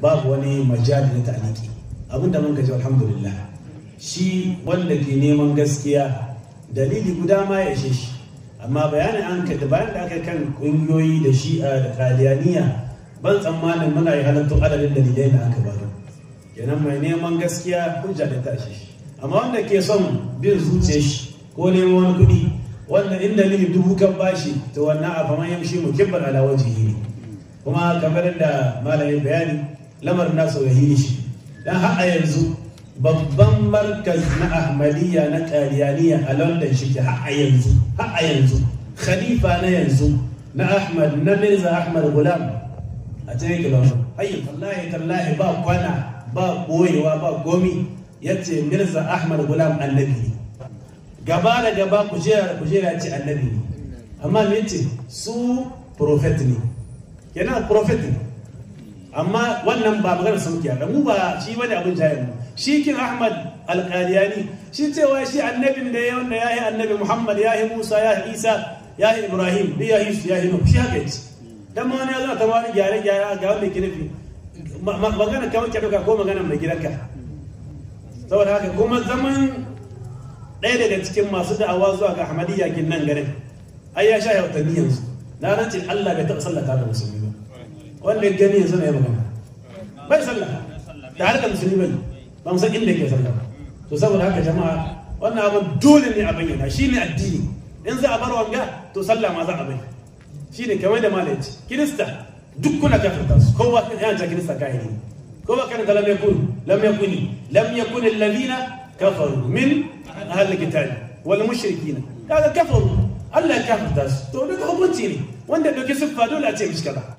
babu wani majali na taliki abin da mun ji alhamdulillah shi wanda ke neman gaskiya dalili guda ma ya ishe shi amma bayanin an da bayan da aka kan kungiyoyi da shi da kaliyaniya ban tsammanin muna yi halattun adadin dalilai na aka bada kenan mai neman gaskiya hujja da ta shi amma wanda ke son bin zuciyar shi ko neman wani kuɗi wanda in dalili dubu kan bashi to wannan a faman yamshi mu kibbar ala ne. kuma kamar da malamin bayani lamar nasa ya yi shi don har yanzu babban markaz na ahmadiyya na kariyaniya a london shi har a yanzu har yanzu khalifa na yanzu na ahmad na mirza ahmad gulam a can yake london ayyukan tallahi tallahi ba kwana ba boyewa ba gomi ce mirza ahmad gulam annabi gaba da gaba kujera kujera ce annabi amma me yace su prophet ne yana prophet ne amma wannan ba maganar sauki da mu ba shi bane abin jayan mu shi kin ahmad alqaliyani shi cewa shi annabin da ya wanda yayi annabi muhammad ya yi musa ya yi isa ya yi ibrahim da ya yi su yayi nuh shi haka ce dan ma ne ya zata wani gyare gyare ga wanda ke nufi magana kawai ka dauka ko magana mai gidanka saboda haka kuma zaman ɗaya daga cikin masu da'awa zuwa ga ahmadiyya kin nan garin ai ya sha yautanni yanzu na rancin Allah bai taɓa sallaka da musulmi ba Wannan gani yanzu ne magana bai sallah da harkar musulmi bai ba san inda ke sallah ba to saboda haka jama'a wannan abin dole ne a bayyana shi ne addini in za a bar wanga to sallah ma za a bai shi ne kamar da malaji kirista duk kuna kafirta su kowa yana ta kirista kahiri kowa kan da lam yakun lam yakuni lam yakun alladhina kafaru min ahli kitabi wal mushrikin kaga kafaru Allah ya kafirta su to duk hukunci ne wanda doke siffa dole a ce mishi kaza